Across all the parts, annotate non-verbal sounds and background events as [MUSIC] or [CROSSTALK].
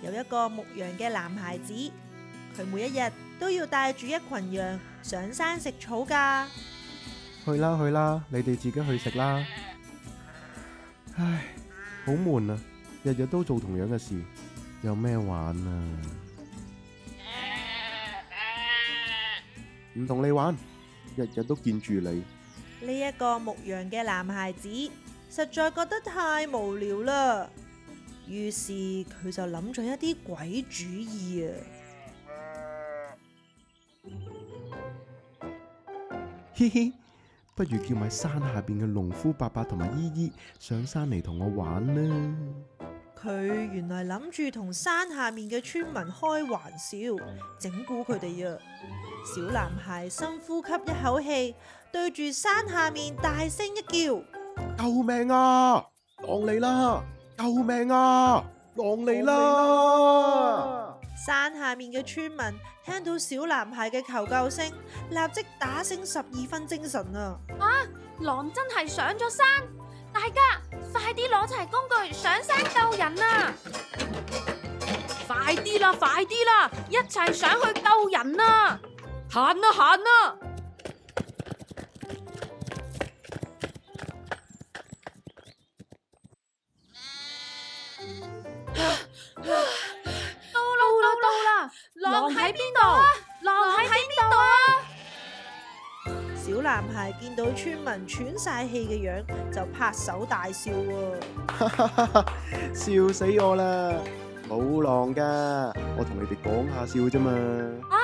有一個牧羊嘅男孩子，佢每一日都要帶住一群羊上山食草㗎。去啦去啦，你哋自己去食啦。唉，好悶啊，日日都做同樣嘅事，有咩玩啊？唔同你玩，日日都見住你。呢一個牧羊嘅男孩子實在覺得太無聊啦。於是佢就諗咗一啲鬼主意啊！嘻嘻，不如叫埋山下邊嘅農夫伯伯同埋姨姨上山嚟同我玩啦！佢原來諗住同山下面嘅村民開玩笑，整蠱佢哋啊！小男孩深呼吸一口氣，對住山下面大聲一叫：救命啊！狼嚟啦！救命啊！狼嚟啦！山下面嘅村民聽到小男孩嘅求救聲，立即打醒十二分精神啊！啊！狼真係上咗山，大家快啲攞齊工具上山救人啊！快啲啦！快啲啦！一齊上去救人啊！行啊！行啊！小男孩見到村民喘晒氣嘅樣，就拍手大笑喎，！ [LAUGHS] 笑死我啦！冇狼噶，我同你哋講下笑啫嘛！啊，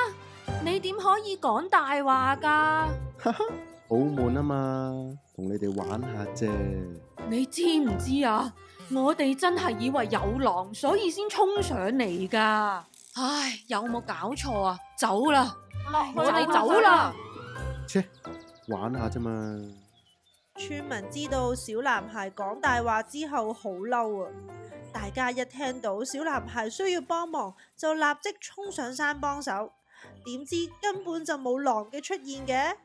你點可以講大話噶？好悶啊嘛，同你哋玩下啫。 [LAUGHS] 你知唔知啊？我哋真係以為有狼，所以先衝上嚟噶。唉，有冇搞錯啊？走啦，我哋走啦。切！玩下啫嘛！村民知道小男孩講大話之後，好嬲啊！大家一聽到小男孩需要幫忙，就立即衝上山幫手。點知根本就冇狼嘅出現嘅。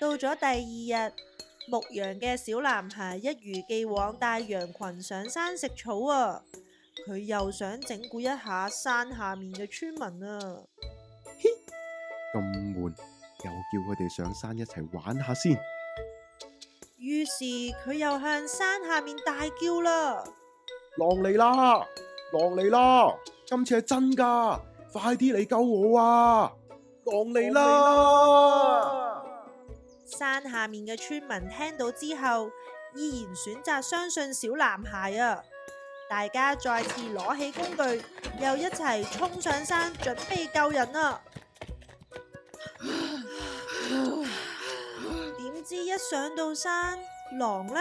到咗第二日，牧羊嘅小男孩一如既往帶羊群上山食草啊！佢又想整蠱一下山下面嘅村民啊！咁悶，又叫佢哋上山一齊玩下先。於是佢又向山下面大叫啦：狼嚟啦！狼嚟啦！今次係真噶，快啲嚟救我啊！狼嚟啦！山下面嘅村民聽到之後，依然選擇相信小男孩啊！大家再次攞起工具，又一齊衝上山，準備救人啊！知一上到山，狼呢？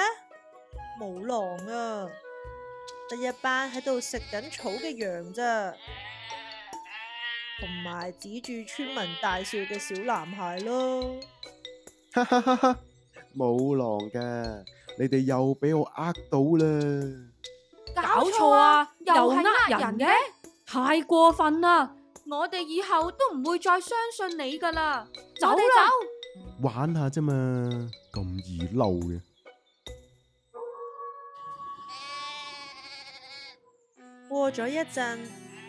冇狼啊，得一班喺度食緊草嘅羊咋，同埋指住村民大笑嘅小男孩咯，哈哈哈！冇狼㗎，你哋又俾我呃到啦，搞錯啊，又係呃人嘅，太過分啦！我哋以後都唔會再相信你噶啦，走啦！玩下啫嘛，咁易嬲嘅。過咗一陣，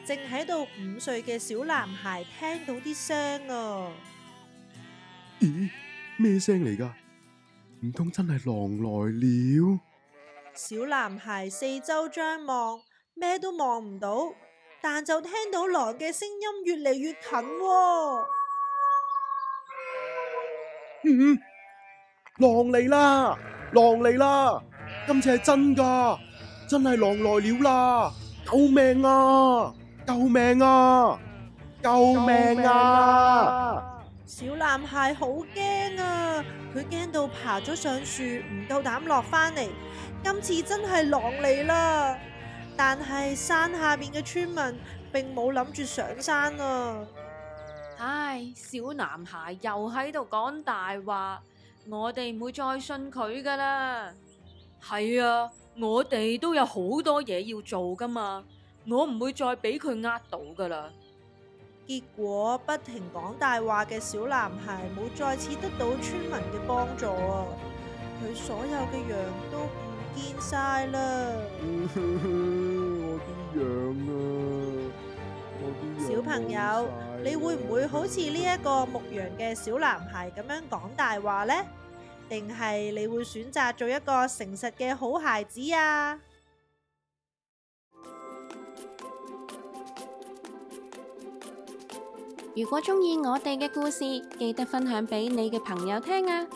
正喺度午睡嘅小男孩聽到啲聲啊、哦。咦？咩聲嚟㗎？唔通真係狼來了？小男孩四周張望，咩都望唔到，但就聽到狼嘅聲音越嚟越近、哦。嗯嗯，狼嚟啦！狼嚟啦！今次係真噶，真係狼來了啦！救命啊！救命啊！救命啊！救命啊！小男孩好驚啊！佢驚到爬咗上樹，唔夠膽落翻嚟。今次真係狼嚟啦！但係山下面嘅村民並冇諗住上山啊！唉，小男孩又喺度講大話，我哋唔會再信佢噶啦。係啊，我哋都有好多嘢要做噶嘛，我唔會再俾佢呃到噶啦。結果不停講大話嘅小男孩冇再次得到村民嘅幫助啊，佢所有嘅羊都唔見晒啦。我啲羊啊！小朋友，你會唔會好似呢一個牧羊嘅小男孩咁樣講大話呢？定係你會選擇做一個誠實嘅好孩子啊？如果中意我哋嘅故事，記得分享俾你嘅朋友聽啊！